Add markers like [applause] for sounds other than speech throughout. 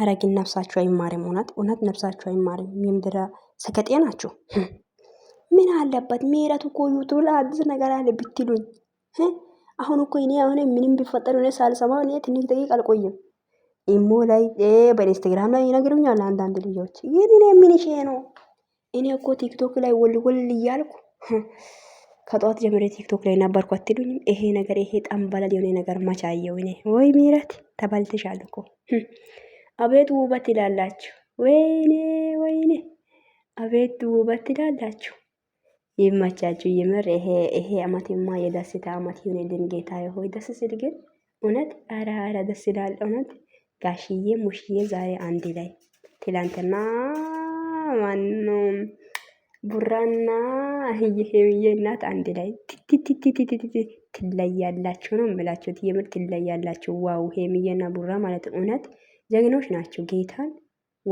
ሐረጊን ነፍሳቸው አይማርም። እውነት እውነት ነፍሳቸው አይማርም። የምድረ ሰገጤ ናቸው። ምን አለበት ሜረቱ እኮ ዩቱብ ላይ አዲስ ነገር አለ ብትሉኝ። አሁን እኮ እኔ አሁን ምንም ቢፈጠር እኔ ሳልሰማ እኔ ትንሽ ደቂቃ አልቆይም። ኢሞ ላይ በኢንስታግራም ላይ ይነግሩኛል አንዳንድ ልጆች። ይህን እኔ ምን ይሄ ነው? እኔ እኮ ቲክቶክ ላይ ወል ወል እያልኩ ከጠዋት ጀምሬ ቲክቶክ ላይ ነበርኩ አትሉኝም? ይሄ ነገር ይሄ ጠንበላል የሆነ ነገር መቻየው እኔ ወይ ሜረት ተበልተሻል እኮ አቤት ውበት ይላላችሁ። ወይኔ ወይኔ አቤት ውበት ይላላችሁ። ይመቻችሁ። የምር ይሄ ይሄ አመትማ የደስታ አመት ይሁንልን። ጌታ ሆይ ደስ ሲል ግን እውነት አረ አረ ደስ ይላል። እውነት ጋሽዬ ሙሽዬ ዛሬ አንድ ላይ ትላንትና ማኑ ቡራና ይሄ እናት አንድ ላይ ትለያላችሁ ነው የምላችሁት። የምር ትለያላችሁ። ዋው ሄምዬና ቡራ ማለት እውነት ጀግኖች ናቸው። ጌታን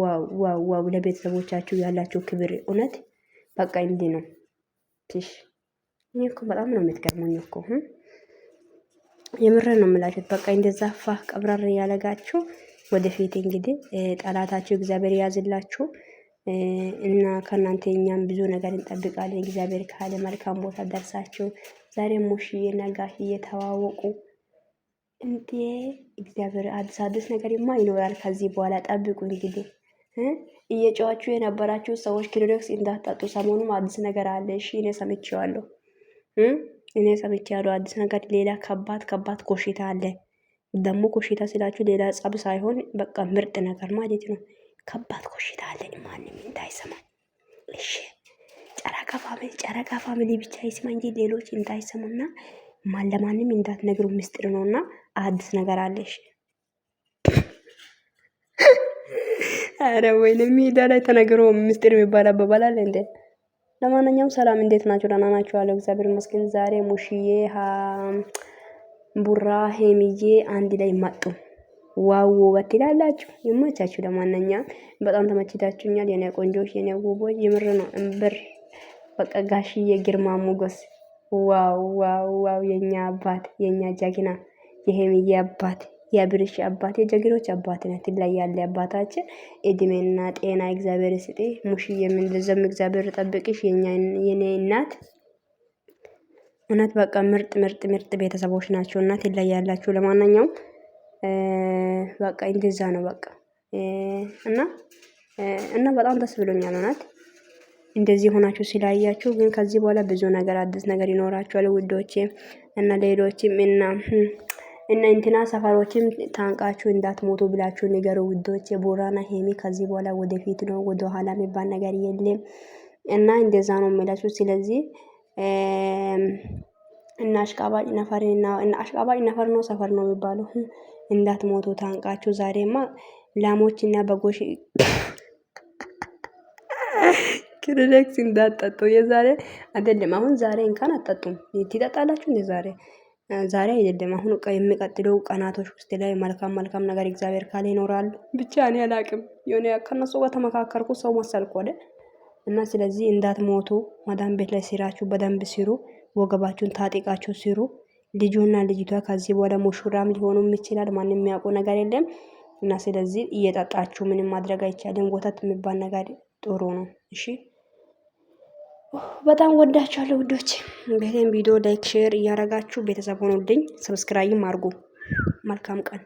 ዋው ዋው ዋው! ለቤተሰቦቻችሁ ያላቸው ክብር እውነት በቃ እንዲህ ነው። ትሽ እኔ እኮ በጣም ነው የምትገርሙኝ እኮ የምረ ነው የምላችሁት። በቃ እንደዛ ቀብራር ያለጋችሁ ወደፊት እንግዲህ ጠላታችሁ እግዚአብሔር ያዝላችሁ እና ከእናንተ እኛም ብዙ ነገር እንጠብቃለን። እግዚአብሔር ካለ መልካም ቦታ ደርሳችሁ ዛሬ ሙሽዬ ነጋሽዬ እየተዋወቁ እንዴ እግዚአብሔር አዲስ አዲስ ነገርማ ይኖራል ከዚህ በኋላ ጠብቁ። እንግዲህ እየጨዋችሁ የነበራችሁ ሰዎች ክሪዶክስ እንዳታጡ። ሰሞኑም አዲስ ነገር አለ። እሺ እኔ ሰምቼዋለሁ፣ እኔ ሰምቼዋለሁ። አዲስ ነገር ሌላ ከባድ ከባድ ኮሽታ አለ። ደግሞ ኮሽታ ስላችሁ ሌላ ጸብ ሳይሆን በቃ ምርጥ ነገር ማለት ነው። ከባድ ኮሽታ አለ፣ ማንም እንዳይሰማ። እሺ ጨረቃ ፋሚሊ፣ ጨረቃ ፋሚሊ ብቻ ይስማ እንጂ ሌሎች እንዳይሰሙና ማን ለማንም እንዳትነግሩ ምስጢር ነው እና አዲስ ነገር አለሽ። አረ ወይንም ሜዳ ላይ ተነግሮ ምስጢር የሚባል አባባላል እንዴ! ለማንኛውም ሰላም፣ እንዴት ናቸው? ደህና ናቸው አለው። እግዚአብሔር ይመስገን። ዛሬ ሙሽዬ ቡራ ሄሚዬ አንድ ላይ መጡ። ዋው ውበት ይላላችሁ፣ ይመቻችሁ። ለማንኛውም በጣም ተመችታችሁኛል የኔ ቆንጆች፣ የኔ ውቦች። የምር ነው እምብር በቃ ጋሽዬ ግርማ ሞገስ ዋው ዋው ዋው! የኛ አባት የኛ ጀግና የሄምዬ አባት የብርሽ አባት የጀግኖች አባት ነ ትላይ ያለ አባታችን እድሜና ጤና እግዚአብሔር ስጤ ሙሽ የምንልዘም እግዚአብሔር ጠብቅሽ። የኔ እናት እውነት በቃ ምርጥ ምርጥ ምርጥ ቤተሰቦች ናቸው። እናት ላይ ያላችሁ ለማናኛውም በቃ እንደዛ ነው በቃ እና እና በጣም ደስ ብሎኛል እውነት እንደዚህ ሆናችሁ ስላያችሁ ግን ከዚህ በኋላ ብዙ ነገር አዲስ ነገር ይኖራችኋል ውዶቼ እና ሌሎችም እና እና እንትና ሰፈሮችም ታንቃችሁ እንዳትሞቱ ብላችሁ ንገሩ ውዶቼ። ቦራና ሄሚ ከዚህ በኋላ ወደፊት ነው፣ ወደ ኋላ የሚባል ነገር የለም እና እንደዛ ነው የሚላችሁ። ስለዚህ እና አሽቃባጭ ነፈር እና አሽቃባጭ ነፈር ነው ሰፈር ነው የሚባለው። እንዳትሞቱ ታንቃችሁ ዛሬማ ላሞች እና በጎሽ [laughs] ክሪሬክስ እንዳጠጡ የዛሬ አይደለም። አሁን ዛሬ እንኳን አጠጡም። ትጠጣላችሁ እንደ ዛሬ ዛሬ አይደለም። አሁን የሚቀጥለው ቀናቶች ውስጥ ላይ መልካም መልካም ነገር እግዚአብሔር ካለ ይኖራል። ብቻ እኔ አላቅም የሆነ ከነሱ ጋር ተመካከርኩ ሰው መሰልኩ አይደል እና ስለዚህ እንዳትሞቱ ማዳም ቤት ላይ ስራችሁ በደንብ ስሩ። ወገባችሁን ታጥቃችሁ ስሩ። ልጁና ልጅቷ ከዚህ በኋላ ሙሽራም ሊሆኑ ይችላል። ማንም የሚያውቁ ነገር የለም እና ስለዚህ እየጠጣችሁ ምንም ማድረግ አይቻልም። ወተት የሚባል ነገር ጥሩ ነው። እሺ በጣም ወዳችኋለሁ ውዶች። ቤቴን ቪዲዮ ላይክ፣ ሼር እያረጋችሁ ቤተሰብ ሆኑልኝ። ሰብስክራይም አድርጉ። መልካም ቀን